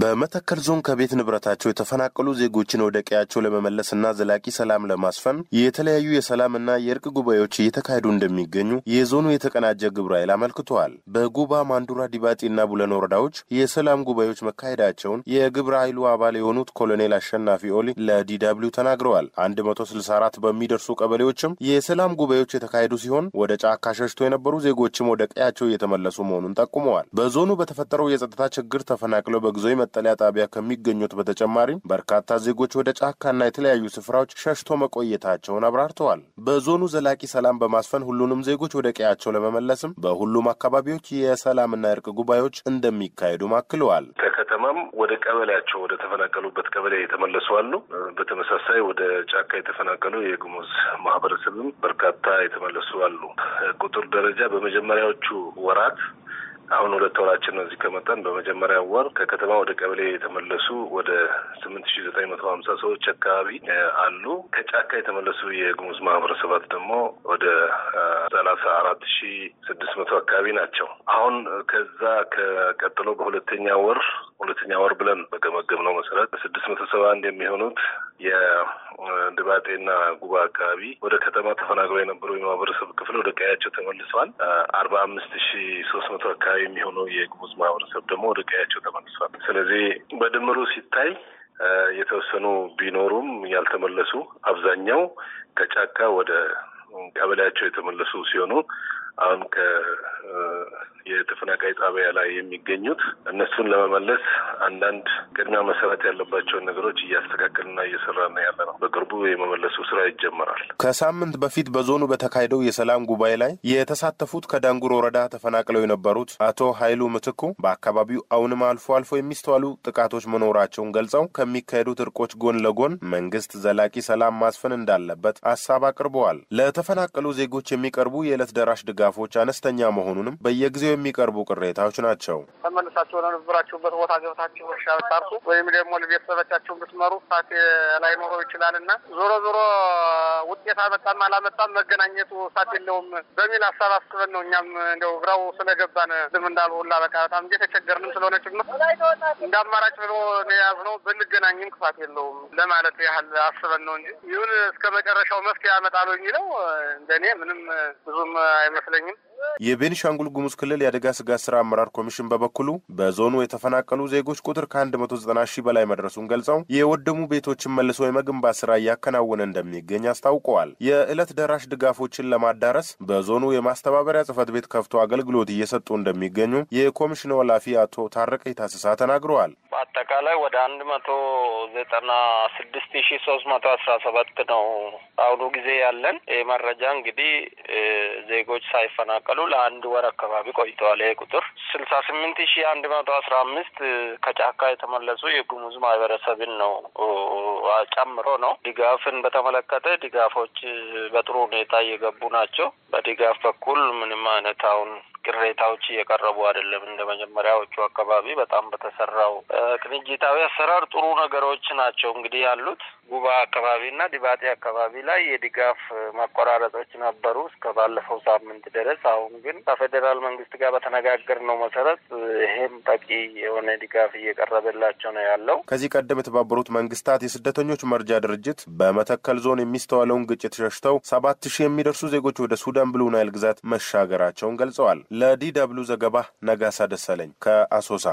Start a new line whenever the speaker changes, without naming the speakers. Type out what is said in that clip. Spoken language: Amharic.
በመተከል ዞን ከቤት ንብረታቸው የተፈናቀሉ ዜጎችን ወደ ቀያቸው ለመመለስና ዘላቂ ሰላም ለማስፈን የተለያዩ የሰላምና የእርቅ ጉባኤዎች እየተካሄዱ እንደሚገኙ የዞኑ የተቀናጀ ግብረ ኃይል አመልክተዋል። በጉባ ማንዱራ፣ ዲባጢና ቡለን ወረዳዎች የሰላም ጉባኤዎች መካሄዳቸውን የግብረ ኃይሉ አባል የሆኑት ኮሎኔል አሸናፊ ኦሊ ለዲደብሊው ተናግረዋል። 164 በሚደርሱ ቀበሌዎችም የሰላም ጉባኤዎች የተካሄዱ ሲሆን ወደ ጫካ ሸሽቶ የነበሩ ዜጎችም ወደ ቀያቸው እየተመለሱ መሆኑን ጠቁመዋል። በዞኑ በተፈጠረው የጸጥታ ችግር ተፈናቅለው በጊዜው መጠለያ ጣቢያ ከሚገኙት በተጨማሪም በርካታ ዜጎች ወደ ጫካና የተለያዩ ስፍራዎች ሸሽቶ መቆየታቸውን አብራርተዋል። በዞኑ ዘላቂ ሰላም በማስፈን ሁሉንም ዜጎች ወደ ቀያቸው ለመመለስም በሁሉም አካባቢዎች የሰላምና እርቅ ጉባኤዎች እንደሚካሄዱም አክለዋል።
ከከተማም ወደ ቀበሌያቸው ወደ ተፈናቀሉበት ቀበሌ የተመለሱ አሉ። በተመሳሳይ ወደ ጫካ የተፈናቀሉ የጉሙዝ ማህበረሰብም በርካታ የተመለሱ አሉ። ቁጥር ደረጃ በመጀመሪያዎቹ ወራት አሁን ሁለት ወራችን ነው እዚህ ከመጣን። በመጀመሪያ ወር ከከተማ ወደ ቀበሌ የተመለሱ ወደ ስምንት ሺ ዘጠኝ መቶ ሀምሳ ሰዎች አካባቢ አሉ። ከጫካ የተመለሱ የጉሙዝ ማህበረሰባት ደግሞ ወደ ሰላሳ አራት ሺ ስድስት መቶ አካባቢ ናቸው። አሁን ከዛ ከቀጥሎ በሁለተኛ ወር ሁለተኛ ወር ብለን ነው መሰረት ስድስት መቶ ሰባ አንድ የሚሆኑት የድባጤና ጉባ አካባቢ ወደ ከተማ ተፈናቅለው የነበሩ የማህበረሰብ ክፍል ወደ ቀያቸው ተመልሷል። አርባ አምስት ሺ ሶስት መቶ አካባቢ የሚሆኑ የጉሙዝ ማህበረሰብ ደግሞ ወደ ቀያቸው ተመልሷል። ስለዚህ በድምሩ ሲታይ የተወሰኑ ቢኖሩም ያልተመለሱ አብዛኛው ከጫካ ወደ ቀበሌያቸው የተመለሱ ሲሆኑ አሁን የተፈናቃይ ጣቢያ ላይ የሚገኙት እነሱን ለመመለስ አንዳንድ ቅድሚያ መሰረት ያለባቸውን ነገሮች እያስተካከልና ነው ያለ ነው። በቅርቡ የመመለሱ ስራ ይጀመራል።
ከሳምንት በፊት በዞኑ በተካሄደው የሰላም ጉባኤ ላይ የተሳተፉት ከዳንጉር ወረዳ ተፈናቅለው የነበሩት አቶ ኃይሉ ምትኩ በአካባቢው አሁንም አልፎ አልፎ የሚስተዋሉ ጥቃቶች መኖራቸውን ገልጸው ከሚካሄዱት እርቆች ጎን ለጎን መንግስት ዘላቂ ሰላም ማስፈን እንዳለበት ሀሳብ አቅርበዋል። ለተፈናቀሉ ዜጎች የሚቀርቡ የዕለት ደራሽ ድጋ ድጋፎች አነስተኛ መሆኑንም በየጊዜው የሚቀርቡ ቅሬታዎች ናቸው።
ተመልሳችሁ ለነበራችሁበት ቦታ ገብታችሁ እርሻ ብታርሱ ወይም ደግሞ ለቤተሰቦቻችሁ ብትመሩ ሳት ኖሮ ይችላል እና ዞሮ ዞሮ ውጤት አመጣም አላመጣም መገናኘቱ ሳት የለውም በሚል ሀሳብ አስበን ነው እኛም እንደው ግራው ስለገባን ዝም እንዳልሁላ በቃ በጣም እየተቸገርንም ስለሆነ ጭምር እንደ አማራጭ ብሎ ያዝ ነው ብንገናኝም ክፋት የለውም ለማለት ያህል አስበን ነው እንጂ ይሁን እስከ መጨረሻው መፍትሄ ያመጣሉ የሚለው እንደኔ ምንም ብዙም አይመስል አይመስለኝም።
የቤኒሻንጉል ጉሙዝ ክልል የአደጋ ስጋት ስራ አመራር ኮሚሽን በበኩሉ በዞኑ የተፈናቀሉ ዜጎች ቁጥር ከ190 ሺህ በላይ መድረሱን ገልጸው የወደሙ ቤቶችን መልሶ የመገንባት ስራ እያከናወነ እንደሚገኝ አስታውቀዋል። የዕለት ደራሽ ድጋፎችን ለማዳረስ በዞኑ የማስተባበሪያ ጽህፈት ቤት ከፍቶ አገልግሎት እየሰጡ እንደሚገኙ የኮሚሽኑ ኃላፊ አቶ ታረቀ ታስሳ ተናግረዋል።
በአጠቃላይ ወደ አንድ መቶ ዘጠና ስድስት ሺህ ሶስት መቶ አስራ ሰባት ነው አሁኑ ጊዜ ያለን ይህ መረጃ እንግዲህ ዜጎች ሳይፈናቀሉ ለአንድ ወር አካባቢ ቆይተዋል። ይሄ ቁጥር ስልሳ ስምንት ሺ አንድ መቶ አስራ አምስት ከጫካ የተመለሱ የጉሙዝ ማህበረሰብን ነው ጨምሮ ነው። ድጋፍን በተመለከተ ድጋፎች በጥሩ ሁኔታ እየገቡ ናቸው። በድጋፍ በኩል ምንም አይነት አሁን ቅሬታዎች እየቀረቡ አይደለም። እንደ መጀመሪያዎቹ አካባቢ በጣም በተሰራው ቅንጅታዊ አሰራር ጥሩ ነገሮች ናቸው እንግዲህ ያሉት። ጉባ አካባቢና ዲባጤ አካባቢ ላይ የድጋፍ መቆራረጦች ነበሩ። እስከ ባለፈው ሳምንት ድረስ። አሁን ግን ከፌዴራል መንግስት ጋር ነው መሰረት ይሄም በቂ የሆነ ድጋፍ እየቀረበላቸው
ነው ያለው። ከዚህ ቀደም የተባበሩት መንግስታት የስደተኞች መርጃ ድርጅት በመተከል ዞን የሚስተዋለውን ግጭት ሸሽተው ሰባት ሺህ የሚደርሱ ዜጎች ወደ ሱዳን ብሉ ናይል ግዛት መሻገራቸውን ገልጸዋል። ለዲ ዘገባ ነጋሳ ደሰለኝ ከአሶሳ